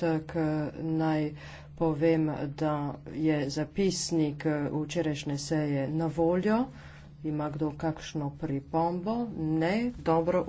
trenutek naj povem, da je zapisnik eh, včerajšnje seje na voljo. Ima kdo kakšno pripombo? Ne, dobro.